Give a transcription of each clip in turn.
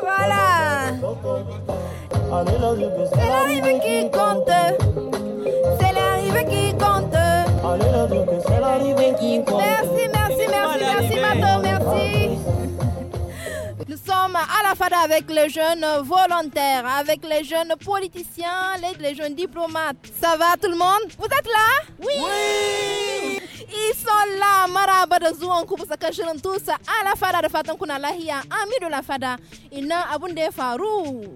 Voilà. C'est l'arrivée qui compte. C'est l'arrivée qui compte. C'est l'arrivée qui compte. Merci, merci, merci, merci, merci. Nous sommes à la FADA avec les jeunes volontaires, avec les jeunes politiciens, les, jeunes diplomates. Ça va tout le monde Vous êtes là Oui, oui sont la Maraba da zuwan ku bisa kan shirin tusa ala fada da fatan kuna lahiya. de la fada. Ina abun da ya faru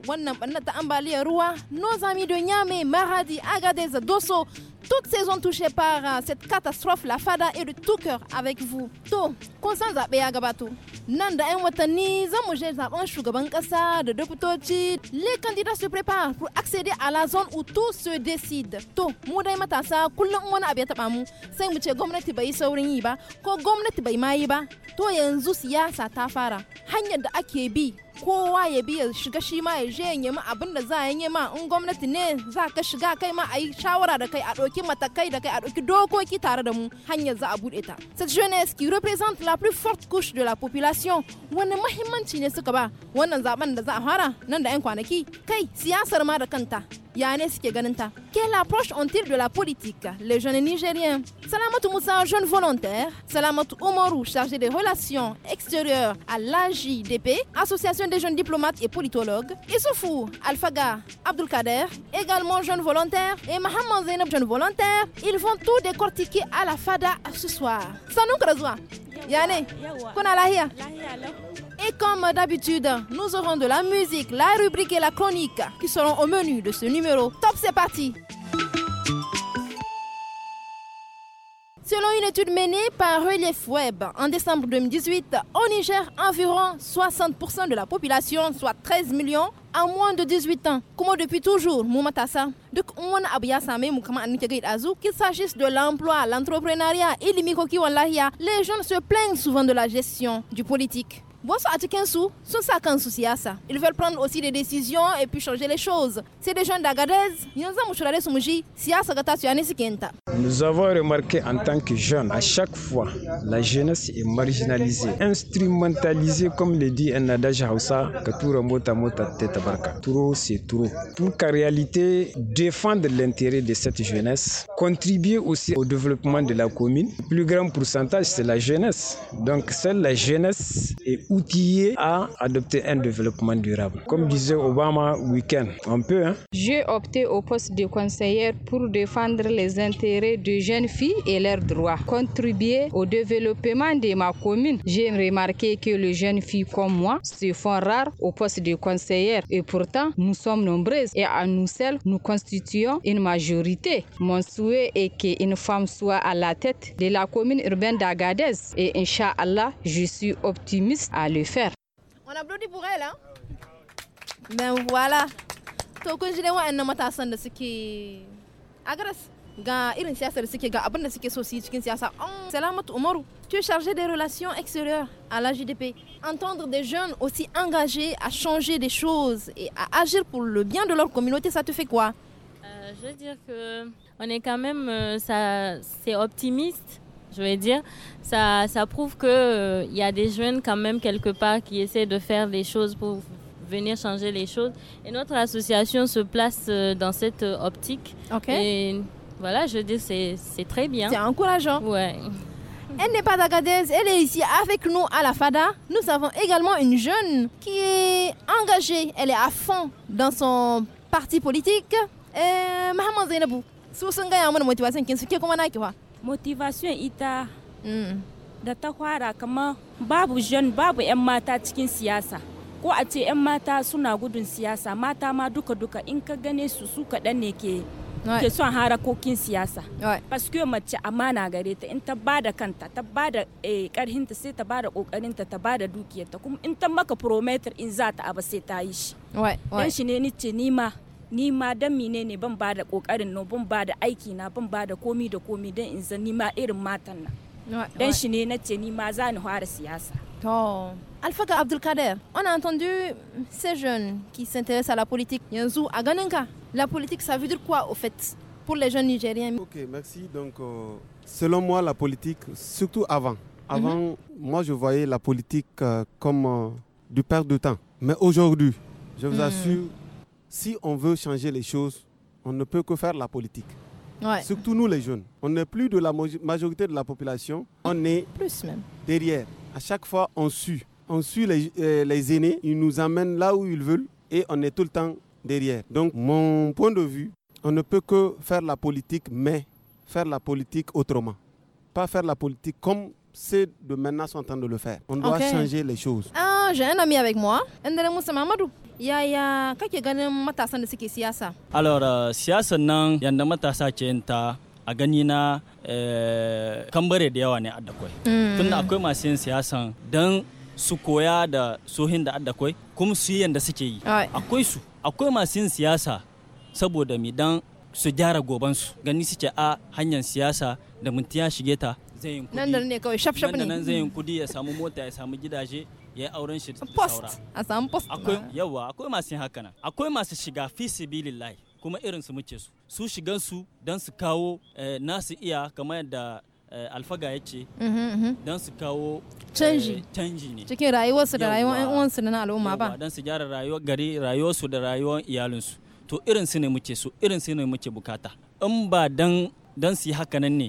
wannan banna ta ambaliyar ruwa. Nos amis de Niamey, Maradi, Agadez, Dosso, toutes ces zones touchées par euh, cette catastrophe, la fada est de tout cœur avec vous. To, kun zabe ya gabato. Nan da 'yan watanni zan mu je shugaban kasa da deputoci. Les candidats se préparent pour accéder à la zone où tout se décide. To, mu dai matasa kullum wani abu ya taɓa mu sai mu ce gwamnati bai saurin yi ba ko gwamnati bai ma yi ba to yanzu siyasa ta fara hanyar da ake bi kowa ya biya shiga shi ma ya je ya nemi abin da za a yi ma in gwamnati ne za ka shiga kai ma a yi shawara da kai a ɗauki matakai da kai a ɗauki dokoki tare da mu hanyar za a buɗe ta cette jeunesse qui représente la plus forte couche de la population wani mahimmanci ne suka ba wannan zaben da za a fara nan da 'yan kwanaki kai siyasar ma da kanta Ya ne suke Quelle approche ont-ils de la politique, les jeunes Nigériens Salamatu Moussa, jeune volontaire. Salamatu Omoru, chargé des relations extérieures à l'AJDP, Association des jeunes diplomates et politologues, Issoufou Alfaga Abdulkader, également jeune volontaire, et Mohamed Zainab, jeune volontaire. Ils vont tout décortiquer à la FADA ce soir. nous nous Yane, Et comme d'habitude, nous aurons de la musique, la rubrique et la chronique qui seront au menu de ce numéro. Top, c'est parti! Selon une étude menée par Relief Web en décembre 2018, au Niger, environ 60% de la population, soit 13 millions, a moins de 18 ans. Comme depuis toujours, Moumatassa. Donc, a Moukama Azou, qu'il s'agisse de l'emploi, l'entrepreneuriat et l'immigration, les jeunes se plaignent souvent de la gestion du politique ils veulent prendre aussi des décisions et puis changer les choses c'est des jeunes d'Agadez nous avons remarqué en tant que jeunes à chaque fois la jeunesse est marginalisée instrumentalisée comme le dit un adage tout ka tura mota teta barka trop c'est trop pour qu'en réalité défendre l'intérêt de cette jeunesse contribuer aussi au développement de la commune le plus grand pourcentage c'est la jeunesse donc seule la jeunesse est outillé à adopter un développement durable. Comme disait Obama week-end. on peut. Hein? J'ai opté au poste de conseillère pour défendre les intérêts de jeunes filles et leurs droits, contribuer au développement de ma commune. J'ai remarqué que les jeunes filles comme moi se font rares au poste de conseillère et pourtant nous sommes nombreuses et à nous seules nous constituons une majorité. Mon souhait est qu'une femme soit à la tête de la commune urbaine d'Agadez et Inch'Allah, je suis optimiste à le faire. On applaudit pour elle, hein Ben voilà. tu es chargé des relations extérieures à la JDP. Entendre des jeunes aussi engagés à changer des choses et à agir pour le bien de leur communauté, ça te fait quoi euh, Je veux dire que on est quand même, euh, ça, c'est optimiste je veux dire, ça, ça prouve qu'il euh, il y a des jeunes quand même quelque part qui essaient de faire des choses pour venir changer les choses. Et notre association se place euh, dans cette euh, optique. Et voilà, je dis c'est très bien. C'est encourageant. Ouais. Elle n'est pas d'Agadez, elle est ici avec nous à la FADA. Nous avons également une jeune qui est engagée, elle est à fond dans son parti politique. Et... motivation ita mm. da ta fara kamar babu jen babu 'yan mata cikin siyasa ko a ce 'yan mata suna gudun siyasa mata ma duka-duka in ka gane su su kaɗan ne ke ke son harakokin siyasa paske mace amana gare ta in ta ba da kanta ta ba da karhinta eh, sai ta ba da kokarinta ta ba da dukiyarta kuma in ta maka prometer in za ta abu sai ta yi shi dan shi ne ni ce ni ma ni ma dan mine ne ban ba da kokarin no ban ba da aiki na ban ba komi da komi dan in zan ni ma irin matan nan dan shi ne nace ni ma za ni fara siyasa to Alfaka Abdulkader, on a entendu ces jeunes qui s'intéressent à la politique. Yanzou, à Ganenka, la politique, ça veut dire quoi au fait pour les jeunes nigériens Ok, merci. Donc, euh, selon moi, la politique, surtout avant, mhm. avant, mm moi, je voyais la politique euh, comme euh, du perte de temps. Mais aujourd'hui, je vous hmm. assure, si on veut changer les choses, on ne peut que faire la politique. Surtout nous les jeunes. On n'est plus de la majorité de la population, on est plus même. derrière. À chaque fois, on suit. On suit les, euh, les aînés, ils nous amènent là où ils veulent et on est tout le temps derrière. Donc, mon point de vue, on ne peut que faire la politique, mais faire la politique autrement. Pas faire la politique comme c'est de maintenant sont en train de le faire. On doit okay. changer les choses. Ah, j'ai un ami avec moi, Ndere Moussa Mamadou. Yaya kake ganin matasan da suke siyasa? Alors, euh, siyasa nan yanda matasa ke ta a gani na eh, kambare da yawa ne a dakwai. Mm. Tunda akwai masu yin siyasan don su koya da sohin da adakwai. kuma su yi yanda suke yi. Akwai su, akwai masu yin siyasa saboda mi dan su gyara gobansu gani suke a hanyar siyasa da mutum ya shige ta zai yin kudi nan da ne kawai shaf shaf ne nan zai yin kudi ya samu mota ya samu gidaje ya yi auren shi da saura a samu post akwai yawa akwai masu yin haka nan akwai masu shiga fi sibilillahi kuma irin su muke su su shigan su dan su kawo eh, nasu iya kamar yadda eh, alfaga ya ce mhm, mhm. dan su kawo canji eh, canji ne cikin rayuwarsu da rayuwar yan uwansu na al'umma ba don su gyara rayuwar gari rayuwarsu da rayuwar iyalinsu to irin su ne muke su irin su ne muke bukata in ba dan dan su yi hakanan ne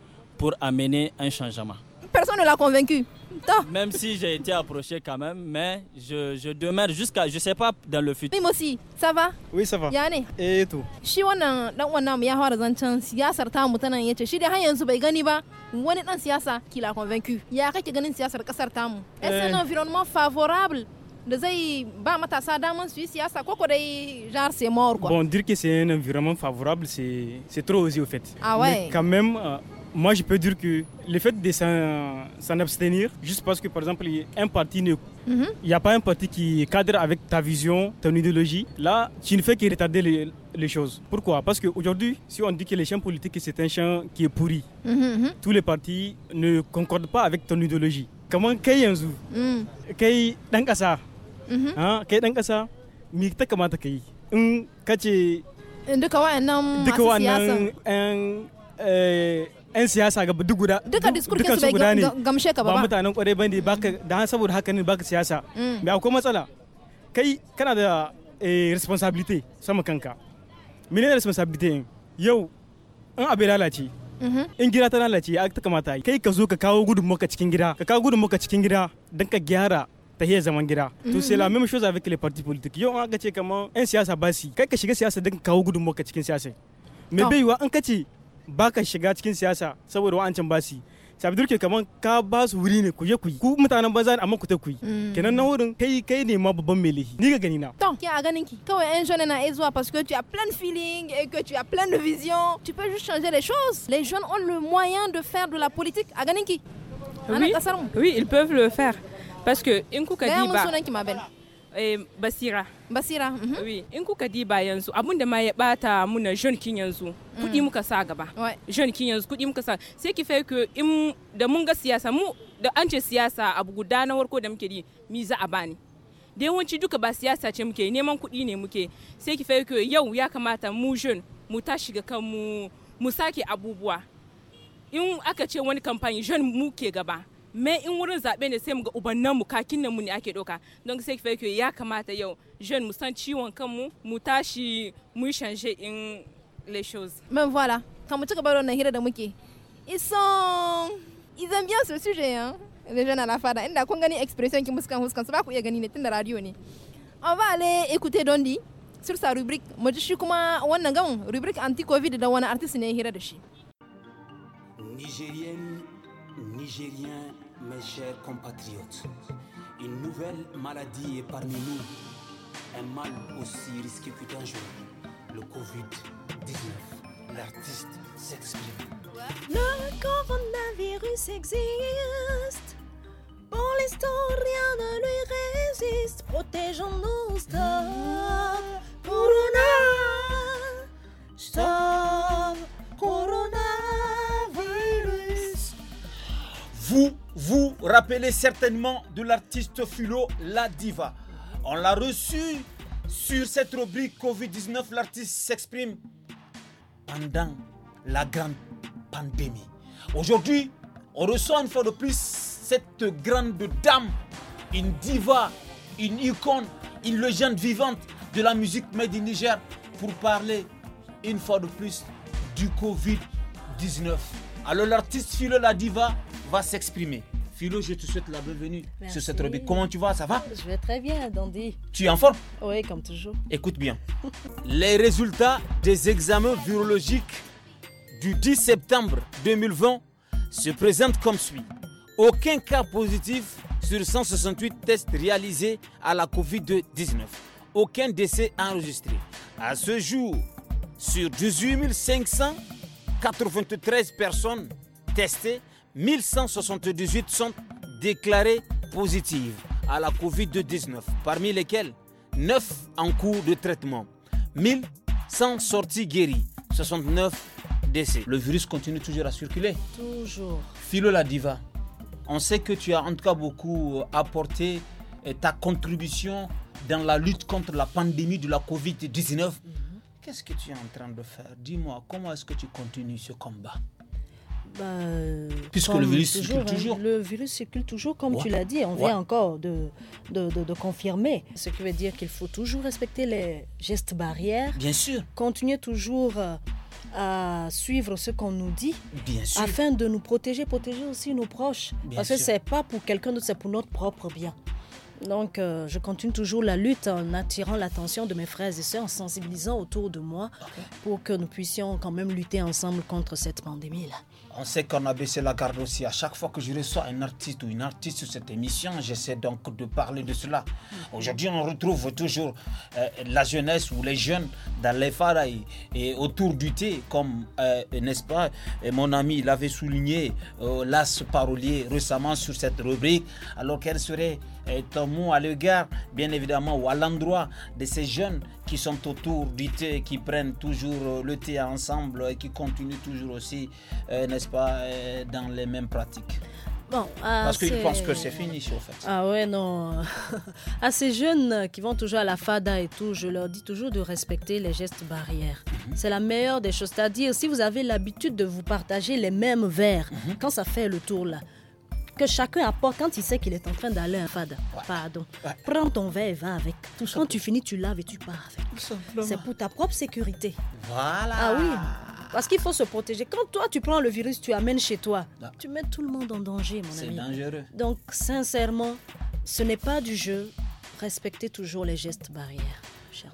pour amener un changement. Personne ne l'a convaincu. Même si j'ai été approché quand même, mais je, je demeure jusqu'à, je sais pas, dans le futur. Moi aussi, ça va Oui, ça va. Et tout. Si wannan dan wannan mu ya fara zancen siyasar ta mu tanan yace shi dai har yanzu bai gani ba wani dan siyasa ki la convaincu. Ya kake a siyasar kasar ta mu? Est-ce un eh. environnement favorable da zai ba matasa daman su yi siyasa ko ko dai genre c'est mort quoi. Bon, dire que c'est un environnement favorable, c'est c'est trop osé au fait. Ah ouais. Mais quand même euh, moi je peux dire que le fait de s'en abstenir, juste parce que par exemple un parti ne... Mhm. Il n'y a pas un parti qui cadre avec ta vision, ton idéologie. Là, tu ne fais que retarder les, les choses. Pourquoi Parce qu'aujourd'hui, si on dit que les champs politiques, c'est un champ qui est pourri, mhm, mhm. tous les partis ne concordent pas avec ton idéologie. Comment Kayenzu Kay mm. hein? Mikta Kamata Kay Duka duka 'yan siyasa ga duk guda duka diskur su guda ne gamshe ka ba mutanen kwarai bane baka da saboda haka ne baka siyasa me mm. akwai matsala kai kana da eh, responsibility sama kanka menene responsibility yau in abai lalace mm-hmm. in gida ta lalace ya ta kamata kai ka zo ka kawo maka cikin gida ka kawo maka cikin gida don ka gyara ta hiyar zaman gida. To mm-hmm. sai la même chose avec parti partis Yau an aka ce kamar 'yan siyasa ba si kai ka shiga siyasa don kawo maka cikin siyasa. Me bai yiwa an ka ce ba ka shiga cikin siyasa saboda wa'ancin basi sabidur ke kaman ka ba su wuri ne ku je ku yi ku mutanen banza ne amma ku ta ku yi mm. kenan na wurin kai kai ne ma babban mai lehi ni ga gani na to ki a ganin ki kawai un jeune na ezwa parce que tu as plein de feeling et que tu as plein de vision tu peux juste changer les choses les jeunes ont le moyen de faire de la politique a ganin ki oui, oui ils peuvent le faire parce que in kuka di ba Eh, basira basira mhm. in kuka diba yanzu abun da ma ya bata muna jonkin yanzu kudi mm. muka sa gaba jonkin yanzu kudi muka sa sai ki ko in da mun ga siyasa mu da an ce siyasa abu guda na warko da muke di mi za a bani da yawanci duka ba siyasa ce muke neman kudi ne muke sai ki ko yau ya kamata mu jeune mu tashi ga kanmu mu sake abubuwa in aka ce wani kamfani jeune mu ke gaba me in wurin zaɓe ne sai mu ga ubannan mu kakin nan mu ne ake ɗauka don sai ki fake ya kamata yau jeune mu san ciwon kanmu mu tashi mu yi shanje in les choses men voilà kan mu ci gaba da hira da muke ils sont ils aiment bien ce sujet hein les jeunes à la fada inda kun gani expression ki muskan huskan su ba ku iya gani ne tunda radio ne on va aller écouter Dondi sur sa rubrique mu ji shi kuma wannan gamin rubrique anti covid da wani artiste ne hira da shi Nigérienne Nigériens, mes chers compatriotes, une nouvelle maladie est parmi nous. Un mal aussi risqué que dangereux, le Covid-19. L'artiste s'exprime. Le coronavirus existe. Pour l'instant, rien ne lui résiste. Protégeons-nous, stop. Corona. Stop. Corona. Vous vous rappelez certainement de l'artiste Philo La Diva. On l'a reçu sur cette rubrique Covid-19. L'artiste s'exprime pendant la grande pandémie. Aujourd'hui, on reçoit une fois de plus cette grande dame, une diva, une icône, une légende vivante de la musique made in Niger pour parler une fois de plus du Covid-19. Alors l'artiste Philo La Diva va s'exprimer. Philo, je te souhaite la bienvenue sur cette rubrique. Comment tu vas Ça va Je vais très bien, Dandy. Tu es en forme Oui, comme toujours. Écoute bien. Les résultats des examens virologiques du 10 septembre 2020 se présentent comme suit. Aucun cas positif sur 168 tests réalisés à la COVID-19. Aucun décès enregistré. À ce jour, sur 18 593 personnes testées, 1178 sont déclarés positives à la COVID-19, parmi lesquelles 9 en cours de traitement, 1100 sorties guéries, 69 décès. Le virus continue toujours à circuler. Toujours. Philo la diva, on sait que tu as en tout cas beaucoup euh, apporté euh, ta contribution dans la lutte contre la pandémie de la COVID-19. Mhm. Qu'est-ce que tu es en train de faire Dis-moi, comment est-ce que tu continues ce combat bah, Puisque le virus circule hein, toujours. Le virus circule toujours, comme tu l'as dit, on vient encore de de, confirmer. Ce qui veut dire qu'il faut toujours respecter les gestes barrières. Bien sûr. Continuer toujours euh, à suivre ce qu'on nous dit bien sûr. afin de nous protéger, protéger aussi nos proches. parce que c'est pas pour quelqu'un d'autre, c'est pour notre propre bien. Donc, euh, je continue toujours la lutte en attirant l'attention de mes frères et sœurs, en sensibilisant autour de moi pour que nous puissions quand même lutter ensemble contre cette pandémie-là. On sait qu'on a baissé la garde aussi. À chaque fois que je reçois un artiste ou une artiste sur cette émission, j'essaie donc de parler de cela. Hmm. Aujourd'hui, on retrouve toujours euh, la jeunesse ou les jeunes dans les phares et, autour du thé, comme, euh, n'est-ce pas, et mon ami l'avait souligné, euh, l'as parolier récemment sur cette rubrique. Alors, quel serait ton mot à l'égard, bien évidemment, ou à l'endroit de ces jeunes qui sont autour du thé, qui prennent toujours euh, le thé ensemble et qui continuent toujours aussi, euh, n'est-ce pas, euh, dans les mêmes pratiques. Bon, ah, Parce qu'ils pensent que c'est fini, sur fait. Ah ouais, non. à ces jeunes qui vont toujours à la fada et tout, je leur dis toujours de respecter les gestes barrières. Mhm. C'est la meilleure des choses. C'est-à-dire, si vous avez l'habitude de vous partager les mêmes verres, mhm. quand ça fait le tour là, que chacun apporte quand il sait qu'il est en train d'aller un fada. Pardon. Prends ton verre et va avec. quand tu finis, tu laves et tu pars avec. C'est pour ta propre sécurité. Voilà. Ah oui. Parce qu'il faut se protéger. Quand toi, tu prends le virus, tu amènes chez toi. Tu mets tout le monde en danger, mon ami. C'est dangereux. Donc, sincèrement, ce n'est pas du jeu. Respectez toujours les gestes barrières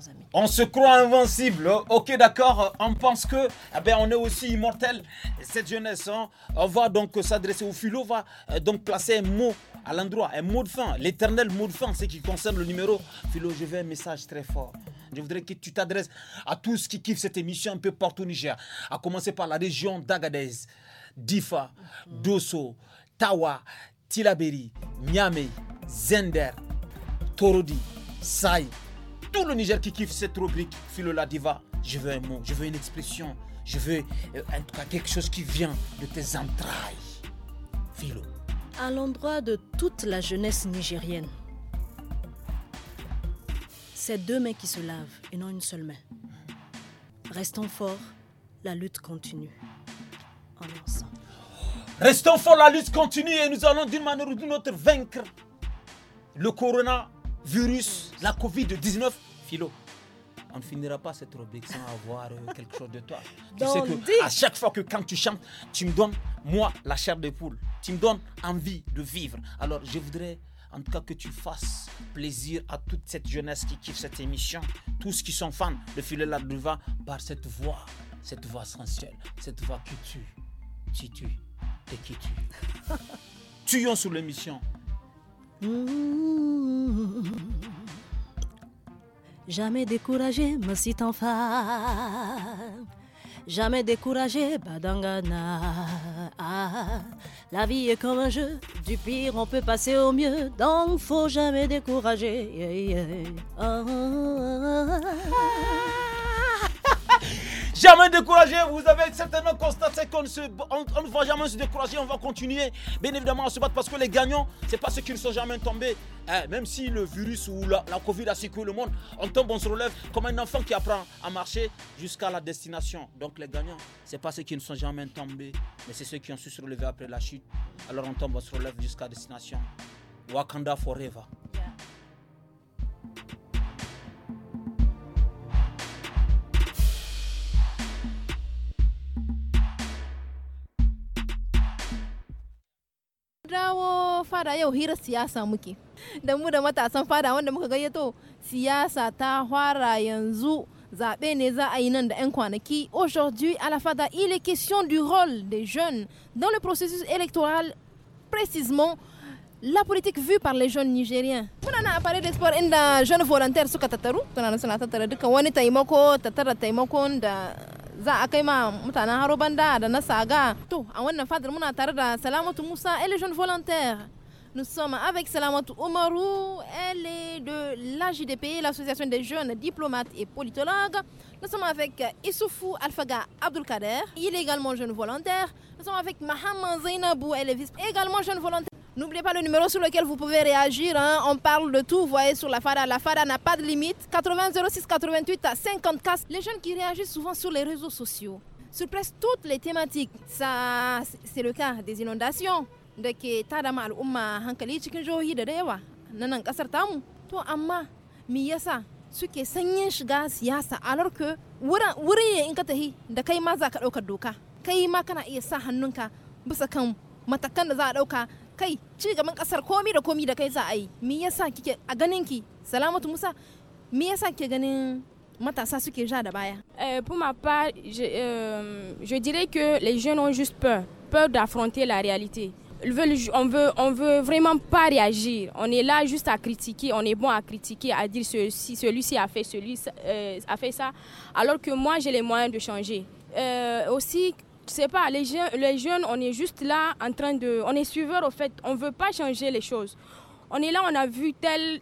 amis. On se croit invincible. Ok, d'accord. On pense que eh ben, on est aussi immortel. Cette jeunesse, hein. on va donc s'adresser au philo, va euh, donc placer un mot à l'endroit, un mot de fin, l'éternel mot de fin, ce qui concerne le numéro. Philo, je veux un message très fort. Je voudrais que tu t'adresses à tous qui kiffent cette émission un peu partout au Niger, à commencer par la région d'Agadez, Difa, mhm. Dosso, Tawa, Tilaberi, Niamey, Zender, Torodi, Saï tout le Niger qui kiffe cette rubrique Philo la Diva. Je veux un mot, je veux une expression, je veux euh, en tout cas quelque chose qui vient de tes entrailles. Philo. À l'endroit de toute la jeunesse nigérienne, c'est deux mains qui se lavent et non une seule main. Restons forts, la lutte continue. En ensemble. Restons forts, la lutte continue et nous allons d'une manière ou d'une autre vaincre le coronavirus la Covid-19, philo. On ne finira pas cette rubrique sans avoir euh, quelque chose de toi. Tu sais que à chaque fois que quand tu chantes, tu me donnes, moi, la chair de poule. Tu me donnes envie de vivre. Alors je voudrais en tout cas que tu fasses plaisir à toute cette jeunesse qui kiffe cette émission, tous qui sont fans de Filet Larduva par cette voix, cette voix sensuelle, cette voix qui tue, qui tue, qui tue. Tuyons sur l'émission. Jamais découragé, me cite en Jamais découragé, badangana. la vie est comme un jeu, du pire on peut passer au mieux, donc faut jamais décourager. Ah jamais découragé. Vous avez certainement constaté qu'on ne va jamais se décourager. On va continuer, bien évidemment, on se bat parce que les gagnants, ce n'est pas ceux qui ne sont jamais tombés. Eh, même si le virus ou la, la Covid a secoué le monde, on tombe, on se relève comme un enfant qui apprend à marcher jusqu'à la destination. Donc les gagnants, ce n'est pas ceux qui ne sont jamais tombés, mais c'est ceux qui ont su se relever après la chute. Alors on tombe, on se relève jusqu'à destination. Wakanda forever. dawo fada yau hirar siyasa muke da mu da matasan fada wanda muka gayyato siyasa ta fara yanzu zaɓe ne za a yi nan da 'yan kwanaki aujourd'hui à la fada il est question du rôle des jeunes dans le processus électoral précisément la politique vue par les jeunes nigériens muna na appareil de sport inda jeunes volontaires suka tattaru suna suna tattara duka wani taimako tattara taimakon da za a kai na salamatu musa Nous sommes avec Salamatu Omarou, elle est de l'AJDP, l'association des jeunes diplomates et politologues. Nous sommes avec Issoufou Alfaga Abdulkader, il est également jeune volontaire. Nous sommes avec Mahaman Zainabou, elle est également jeune volontaire. N'oubliez pas le numéro sur lequel vous pouvez réagir. Hein. On parle de tout, voyez, sur la FARA. La FARA n'a pas de limite. 80 06 88 à 54. Les jeunes qui réagissent souvent sur les réseaux sociaux, sur presque toutes les thématiques. Ça, c'est le cas des inondations. de ke tadama des umma hankali cikin jihohi da inondations. nan kasar tamu to amma me yasa pour ma part euh, je, dirais que les jeunes ont juste peur peur d'affronter la réalité on veut, on veut vraiment pas réagir. On est là juste à critiquer. On est bon à critiquer, à dire celui-ci a fait celui, euh, a fait ça. Alors que moi, j'ai les moyens de changer. Euh, aussi, je sais pas, les, jeunes, on est juste là en train de. On est suiveurs au fait, on ne veut pas changer les choses. On est là, on a vu tel,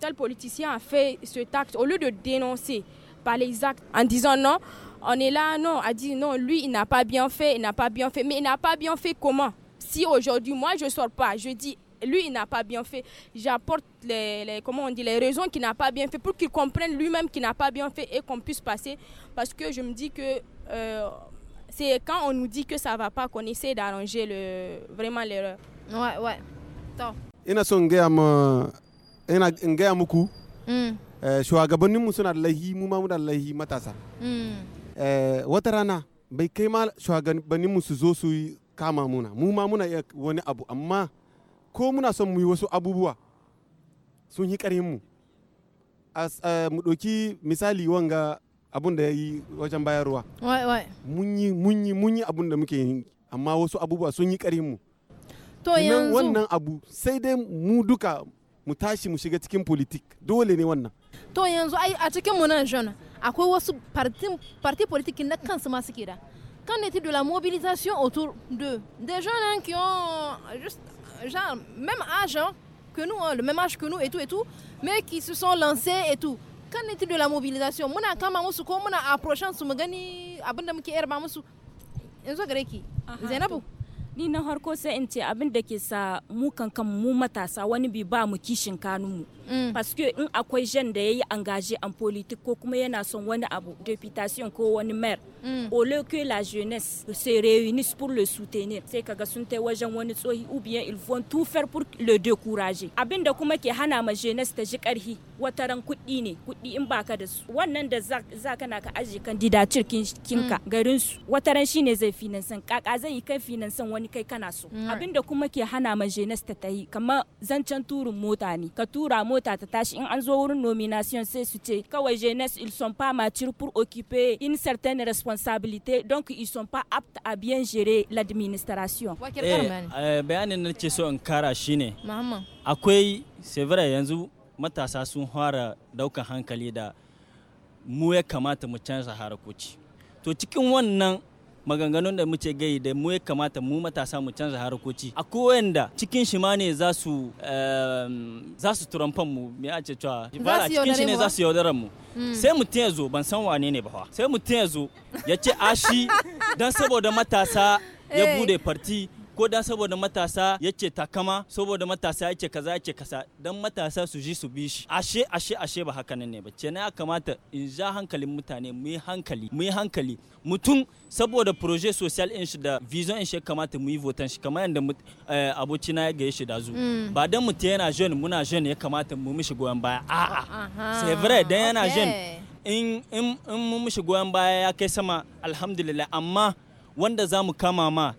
tel politicien a fait ce taxe. Au lieu de dénoncer par les actes en disant non, on est là, non, à dire non, lui, il n'a pas bien fait, il n'a pas bien fait. Mais il n'a pas bien fait comment Si aujourd'hui, moi, je ne sors pas, je dis lui, il n'a pas bien fait. J'apporte les, on dit, les raisons qu'il n'a pas bien fait pour qu'il comprenne lui-même qu'il n'a pas bien fait et qu'on puisse passer. Parce que je me dis que. Euh, c'est quand on nous dit que ça va pas qu'on essaie d'arranger le, vraiment l'erreur. Ouais, ouais. Top. Ina son gaya ina in gaya muku shugabannin mu suna da lahi mu ma mu da matasa. Hmm. Eh, wata rana bai kai ma shugabannin mu su zo su kama muna mu ma wani abu amma ko muna son mu yi wasu abubuwa sun yi ƙarhin mu eh, mu doki misali wanga abunde da yi wajen bayarwa mun yi mun yi mun yi muke yi amma wasu abubuwa sun yi ƙarin mu to yanzu wannan abu sai dai mu duka mu tashi mu shiga cikin politik dole ne wannan to yanzu ai a cikin mu nan jona akwai wasu parti politique na kansu ma suke da Kan ne il de la mobilisation autour de des jeunes hein, qui ont juste genre même âge hein, que nous le même âge que nous et tout et tout mais qui se sont lancés et tout kan ne tudu la mobilisation muna kama musu ko muna approachan su mu gani abinda muke yarba musu yanzu gare ki Zainabu ni na harko sai in ce abin da ke sa mu kankan mu matasa wani bi ba mu kishin kanunmu mm. paske in akwai jan da yayi angaje an politik ko kuma yana son wani abu deputation ko wani mayor ole mm. que la jeunesse se réunisse pour le soutenir sai kaga sun tai wajen wani tsohi ou bien ils vont tout faire pour le décourager abin da kuma ke hana ma jeunesse ta ji karhi wata ran kuɗi ne kuɗi in baka da su wannan da za kana ka aje candidature kinka mm. garin su wata ran shine zai finansan kaka zai yi kai finansan wani wani kai kana so mm, abin da kuma ke hana ma jenes ta tayi kamar zancen turun mota ne ka tura mota ta tashi in an zo wurin nomination sai su ce kawai jenes ils sont pas mature pour occuper une certaine responsabilité donc ils sont pas aptes à bien gérer l'administration eh, eh, bayanin na ce so in kara shine akwai severa yanzu matasa sun fara daukan hankali da mu ya kamata mu canza harakoci to cikin wannan maganganun da muke gai da mu ya kamata mu matasa mu canza harkoci a kowanda cikin shi ma ne za su ehm, turamfan mu me a ce cewa a cikin shi ne za su yaudaran mu hmm. sai mutum ya zo ban san wane ne ba sai mutum ya zo ya ce ashi dan saboda matasa ya eh. bude farti ko da saboda matasa Ya ce takama saboda matasa ya ce kaza ya ce kasa dan matasa su ji su bi shi ashe ashe ashe ba haka nan ne ba ce ya kamata in ja hankalin mutane mu yi hankali mu yi hankali mutum saboda proje social in shi da vision in shi kamata mu yi votan shi kamar yadda eh, abocina ya gaye shi da zu mm. ba dan mutum yana jeune muna jeune ya kamata mu mishi goyon baya a'a c'est vrai dan yana jeune in in mun mishi goyon baya ya kai sama alhamdulillah amma wanda za mu kama ma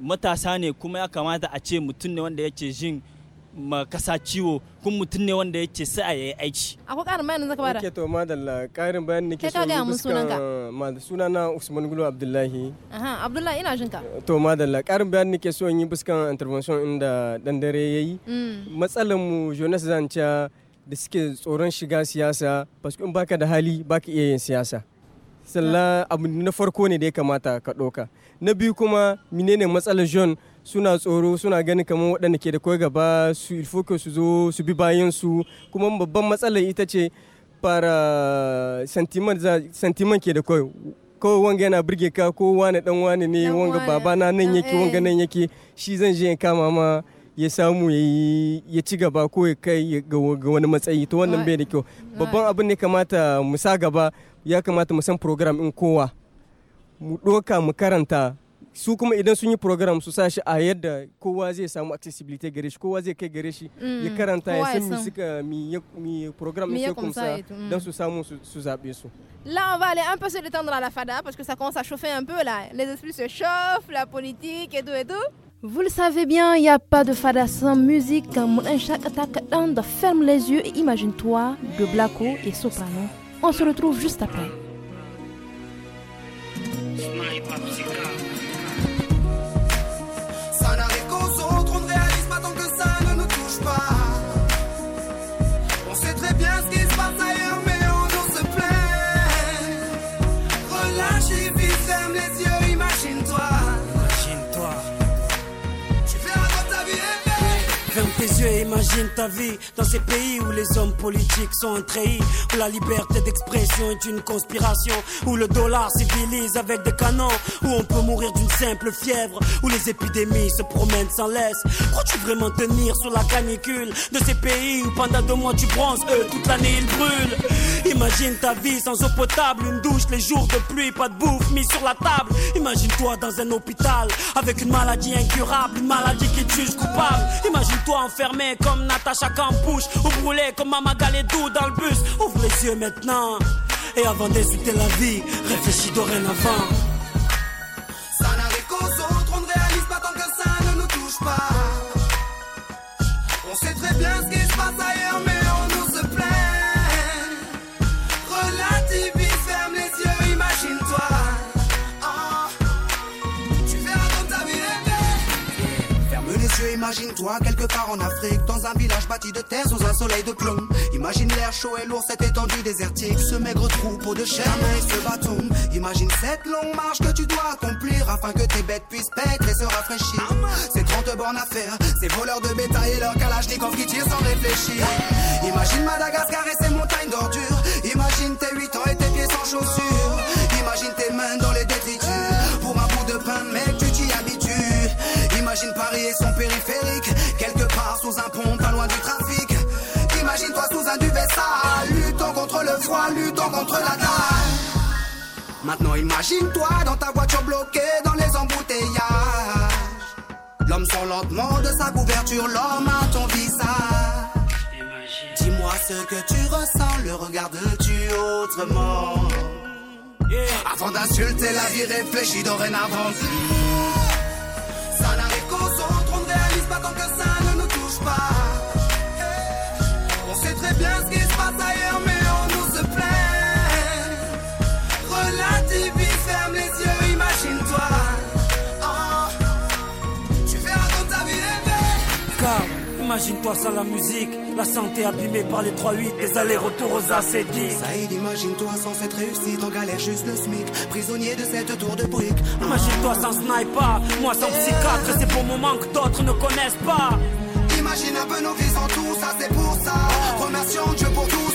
matasa ne kuma ya kamata a ce mutum ne wanda yake jin ma kasa ciwo kun mutum ne wanda yake sa a yayi aiki akwai karin bayanin zaka bada ke to madalla karin bayanin nake so ga mun sunanka madalla sunana Usman Gulu Abdullahi aha Abdullahi ina jinka to madalla karin bayanin nake so yi buskan intervention inda dan dare yayi mm. matsalan mu Jonas Zancha da suke tsoron shiga siyasa parce in baka da hali baka iya yin siyasa sannan abu na farko ne da ya kamata ka ɗauka na biyu kuma menene matsalar john suna tsoro suna ganin kamar waɗanda ke da kawai gaba su ilfoka su zo su bi bayan kuma babban matsalar ita ce fara sentiment ke da kawai kawai wanga yana birge ka ko wani dan wani ne wanga baba na nan yake wanga eh. nan yake shi zan je in kama ma ya samu ya ci gaba ko ya kai ga wani matsayi ta wannan bai da kyau babban abin ne kamata mu sa gaba ya kamata mu program in kowa mu ɗoka mu karanta su kuma idan sun yi program su a yadda kowa zai samu accessibility gare shi kowa zai kai gare shi mm, ya karanta ya san suka mi program un mm. su Là, on va aller un peu se détendre à la fada parce que ça commence à chauffer un peu là. Les esprits se chauffent, la politique et tout et tout. Vous le savez bien, il n'y a pas de fada sans musique. Quand on ferme les yeux et imagine-toi de Blacko et Soprano. On se retrouve juste après. tes yeux imagine ta vie dans ces pays où les hommes politiques sont un où la liberté d'expression est une conspiration, où le dollar civilise avec des canons, où on peut mourir d'une simple fièvre, où les épidémies se promènent sans laisse. Crois-tu vraiment tenir sur la canicule de ces pays où pendant deux mois tu bronzes, eux toute l'année ils brûlent Imagine ta vie sans eau potable, une douche les jours de pluie, pas de bouffe mis sur la table. Imagine-toi dans un hôpital avec une maladie incurable, une maladie qui te juge coupable. Imagine-toi en Fermé comme Natacha Campouche ou brûlé comme Mamagalé-Dou dans le bus. Ouvre les yeux maintenant et avant d'insulter la vie, réfléchis dorénavant. Ça n'arrive qu'aux autres, on ne réalise pas tant que ça ne nous touche pas. On sait très bien ce qui se passe ailleurs, mais Imagine-toi quelque part en Afrique, dans un village bâti de terre sous un soleil de plomb. Imagine l'air chaud et lourd, cette étendue désertique, ce maigre troupeau de chair et ce bâton. Imagine cette longue marche que tu dois accomplir afin que tes bêtes puissent paître et se rafraîchir. Ces trente bornes à faire, ces voleurs de bétail et leur calage qui tirent sans réfléchir. Imagine Madagascar et ses montagnes d'ordures. Imagine tes huit ans et tes pieds sans chaussures. Imagine Paris et son périphérique, quelque part sous un pont, pas loin du trafic. Imagine-toi sous un duvet sale, luttant contre le froid, luttant contre la dalle. Maintenant imagine-toi dans ta voiture bloquée dans les embouteillages. L'homme sent lentement de sa couverture, l'homme à ton visage. Dis-moi ce que tu ressens, le regardes-tu autrement Avant d'insulter la vie, réfléchis dorénavant. sait bien ce qui se passe ailleurs, mais on nous se plaint. Relativise, ferme les yeux, imagine-toi. Oh, tu verras quand ta vie est Car, imagine-toi sans la musique. La santé abîmée par les 3-8, les allers-retours aux ascétiques. Saïd, imagine-toi sans cette réussite, en galère juste le SMIC, prisonnier de cette tour de briques. Imagine-toi sans sniper, moi sans psychiatre, c'est pour moment que d'autres ne connaissent pas nous visons tous, ça c'est pour ça. Remercions Dieu pour tout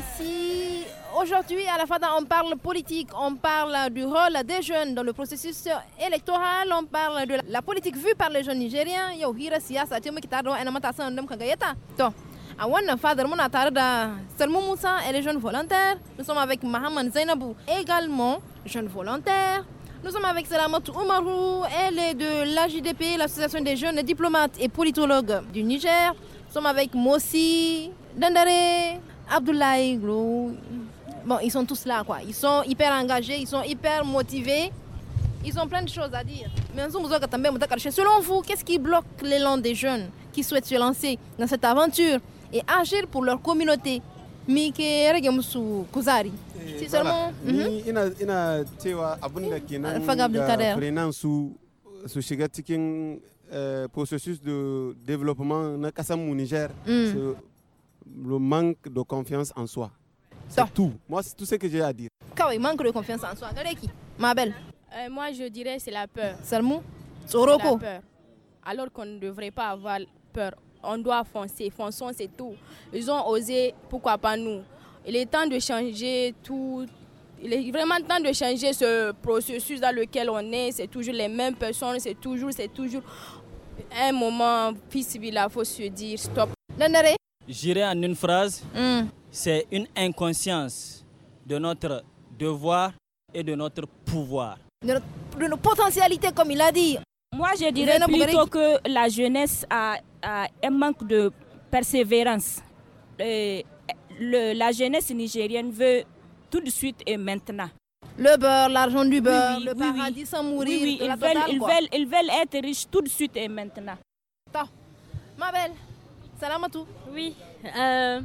ici, aujourd'hui à la Fada, on parle politique, on parle du rôle des jeunes dans le processus électoral, on parle de la politique vue par les jeunes nigériens. et les jeunes volontaires Nous sommes avec Mahaman Zainabou, également jeune volontaire. Nous sommes avec Salamot Oumarou, elle est de l'AJDP, l'Association des jeunes diplomates et politologues du Niger. Nous sommes avec Mossi Dandare, Abdoulaye Bon, ils sont tous là, quoi. Ils sont hyper engagés, ils sont hyper motivés. Ils ont plein de choses à dire. Mais selon vous, qu'est-ce qui bloque l'élan des jeunes qui souhaitent se lancer dans cette aventure et agir pour leur communauté C'est eh, seulement. Mhm. Eh, eh, processus de développement na Niger mm le manque de confiance en soi. C'est tout. Moi, c'est tout ce que j'ai à dire. Quand il manque de confiance en soi, qui ma belle. Euh, moi, je dirais c'est la peur. Salmou la peur. Alors qu'on ne devrait pas avoir peur. On doit foncer. Fonçons, c'est tout. Ils ont osé, pourquoi pas nous Il est temps de changer tout. Il est vraiment temps de changer ce processus dans lequel on est. C'est toujours les mêmes personnes. C'est toujours, c'est toujours un moment, puis il faut se dire stop. L'honneur J'irai en une phrase, mm. c'est une inconscience de notre devoir et de notre pouvoir. De, nos potentialités, comme il a dit. Moi, je dirais plutôt que la jeunesse a, un manque de persévérance. la jeunesse nigérienne veut tout de suite et maintenant. Le beurre, l'argent du beurre, le paradis sans mourir. Oui, ils, veulent, ils, veulent, ils veulent être riches tout de suite et maintenant. Attends, ma belle. Oui. Euh,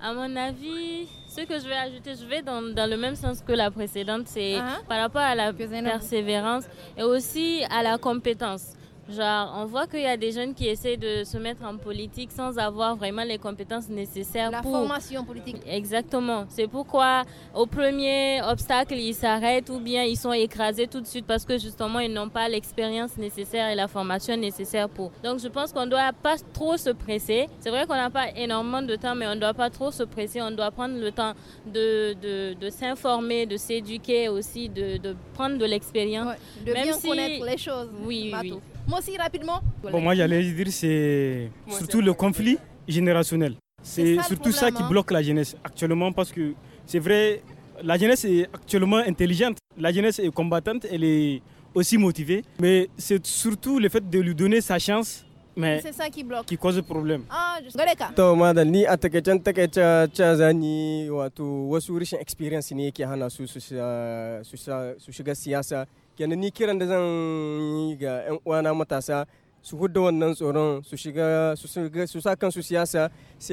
à mon avis, ce que je vais ajouter, je vais dans, dans le même sens que la précédente, c'est ah. par rapport à la persévérance et aussi à la compétence. Genre, on voit qu'il y a des jeunes qui essaient de se mettre en politique sans avoir vraiment les compétences nécessaires La formation politique. Exactement. C'est pourquoi au premier obstacle, ils s'arrêtent ou bien ils sont écrasés tout de suite parce que justement, ils n'ont pas l'expérience nécessaire et la formation nécessaire pour. Donc, je pense qu'on ne doit pas trop se presser. C'est vrai qu'on n'a pas énormément de temps, mais on ne doit pas trop se presser. On doit prendre le temps de, de, s'informer, de s'éduquer aussi, de, de, prendre de l'expérience. de bien connaître les choses. Oui, oui. Tout. Moi aussi, rapidement. Bon, moi, j'allais dire, c'est surtout le conflit générationnel. C'est surtout ça, qui hein. bloque la jeunesse actuellement parce que c'est vrai, la jeunesse est actuellement intelligente, la jeunesse est combattante, elle est aussi motivée, mais c'est surtout le fait de lui donner sa chance mais c'est ça qui bloque qui cause problème ah je suis ni c'est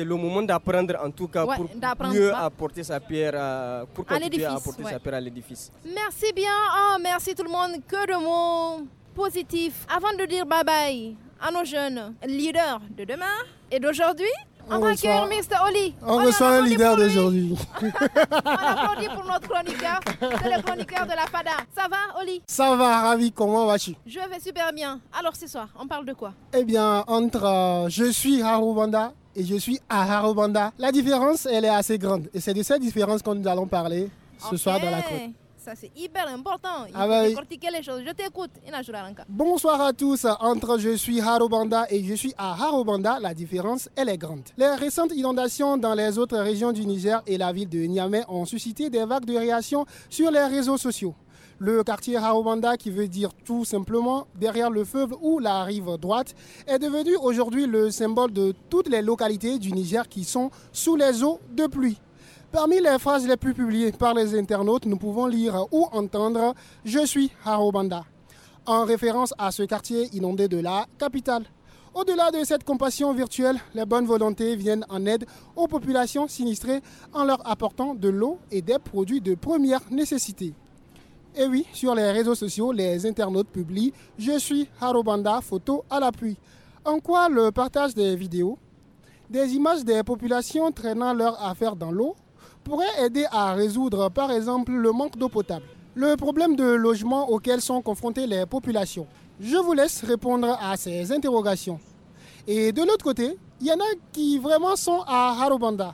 le moment d'apprendre en tout cas pour mieux sa pierre pierre à l'édifice. Merci bien, ah, merci tout le monde, que de mots positifs. Avant de dire bye bye à nos jeunes leaders de demain et d'aujourd'hui, on, Oli. On, reçoit un leader d'aujourd'hui. on applaudit pour notre chroniqueur. C'est le chroniqueur de la FADA. Ça va, Oli Ça va, ravi. Comment vas-tu Je vais super bien. Alors, ce soir, on parle de quoi Eh bien, entre euh, Je suis Harubanda et Je suis à Harubanda, la différence, elle est assez grande. Et c'est de cette différence que nous allons parler ce soir dans la cour. Ça, c'est hyper important. Il ah faut bah décortiquer les choses. Je t'écoute, Bonsoir à tous. Entre je suis Harobanda et je suis à Harobanda, la différence, elle est grande. Les récentes inondations dans les autres régions du Niger et la ville de Niamey ont suscité des vagues de réactions sur les réseaux sociaux. Le quartier Harobanda, qui veut dire tout simplement derrière le feu ou la rive droite, est devenu aujourd'hui le symbole de toutes les localités du Niger qui sont sous les eaux de pluie. Parmi les phrases les plus publiées par les internautes, nous pouvons lire ou entendre Je suis Harobanda en référence à ce quartier inondé de la capitale. Au-delà de cette compassion virtuelle, les bonnes volontés viennent en aide aux populations sinistrées en leur apportant de l'eau et des produits de première nécessité. Et oui, sur les réseaux sociaux, les internautes publient Je suis Harobanda, photo à l'appui. En quoi le partage des vidéos, des images des populations traînant leurs affaires dans l'eau pourrait aider à résoudre par exemple le manque d'eau potable, le problème de logement auquel sont confrontées les populations. Je vous laisse répondre à ces interrogations. Et de l'autre côté, il y en a qui vraiment sont à Harobanda.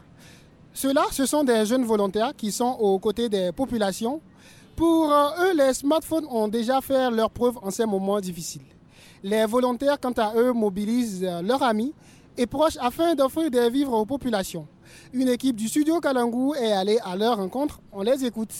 Ceux-là, ce sont des jeunes volontaires qui sont aux côtés des populations. Pour euh, eux, les smartphones ont déjà fait leur preuve en ces moments difficiles. Les volontaires, quant à eux, mobilisent euh, leurs amis et proches afin d'offrir des vivres aux populations. Une équipe du studio Kalangu est allée à leur rencontre. On les écoute.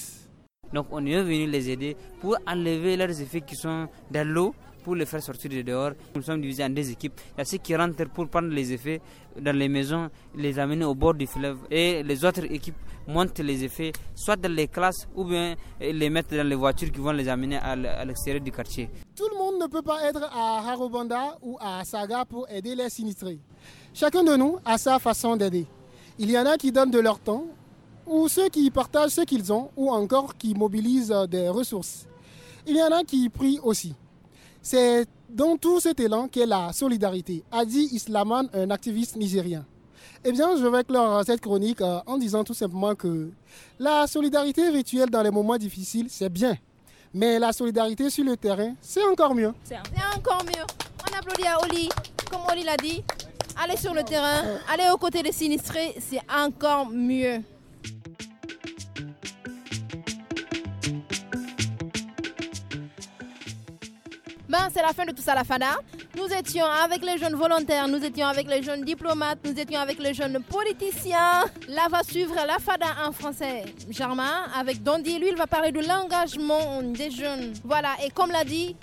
Donc on est venu les aider pour enlever leurs effets qui sont dans l'eau pour les faire sortir de dehors. Nous sommes divisés en deux équipes. Il y a ceux qui rentrent pour prendre les effets dans les maisons, les amener au bord du fleuve. Et les autres équipes montent les effets, soit dans les classes ou bien les mettre dans les voitures qui vont les amener à l'extérieur du quartier. Tout le monde ne peut pas être à Harobanda ou à Saga pour aider les sinistrés. Chacun de nous a sa façon d'aider. Il y en a qui donnent de leur temps, ou ceux qui partagent ce qu'ils ont, ou encore qui mobilisent des ressources. Il y en a qui prient aussi. C'est dans tout cet élan qu'est la solidarité, a dit Islaman, un activiste nigérien. Eh bien, je vais clore cette chronique euh, en disant tout simplement que la solidarité rituelle dans les moments difficiles, c'est bien. Mais la solidarité sur le terrain, c'est encore mieux. C'est encore mieux. On applaudit à Oli, comme Oli l'a dit. Allez sur le terrain, allez aux côtés des sinistrés, c'est encore mieux. Ben, c'est la fin de tout ça, la FADA. Nous étions avec les jeunes volontaires, nous étions avec les jeunes diplomates, nous étions avec les jeunes politiciens. Là va suivre la FADA en français. Germain, avec Dondi, lui, il va parler de l'engagement des jeunes. Voilà, et comme l'a dit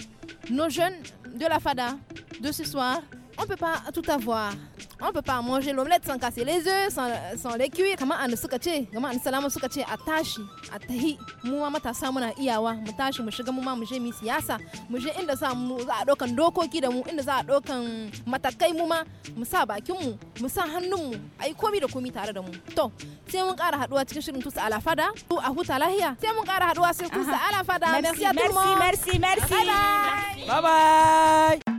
nos jeunes de la FADA de ce soir, on peut pas tout avoir. On peut pas manger l'omelette sans casser les œufs, sans, sans les cuire. Kama an ce, se an salama suka ce a tashi, a tahi. Mu ma matasa muna iyawa, mu tashi mu shiga mu ma mu mu siyasa, mu inda za a dokan dokoki da mu, inda za a un matakai mu ma, mu sa bakin mu, mu sa hannun mu, ai komi da komi tare da mu. To, sai mun ƙara haduwa cikin shirin tusa alafada, to à huta lahiya. Sai mun ƙara haduwa sai tusa alafada. Merci, merci à Merci, merci, merci. Bye bye. Bye bye.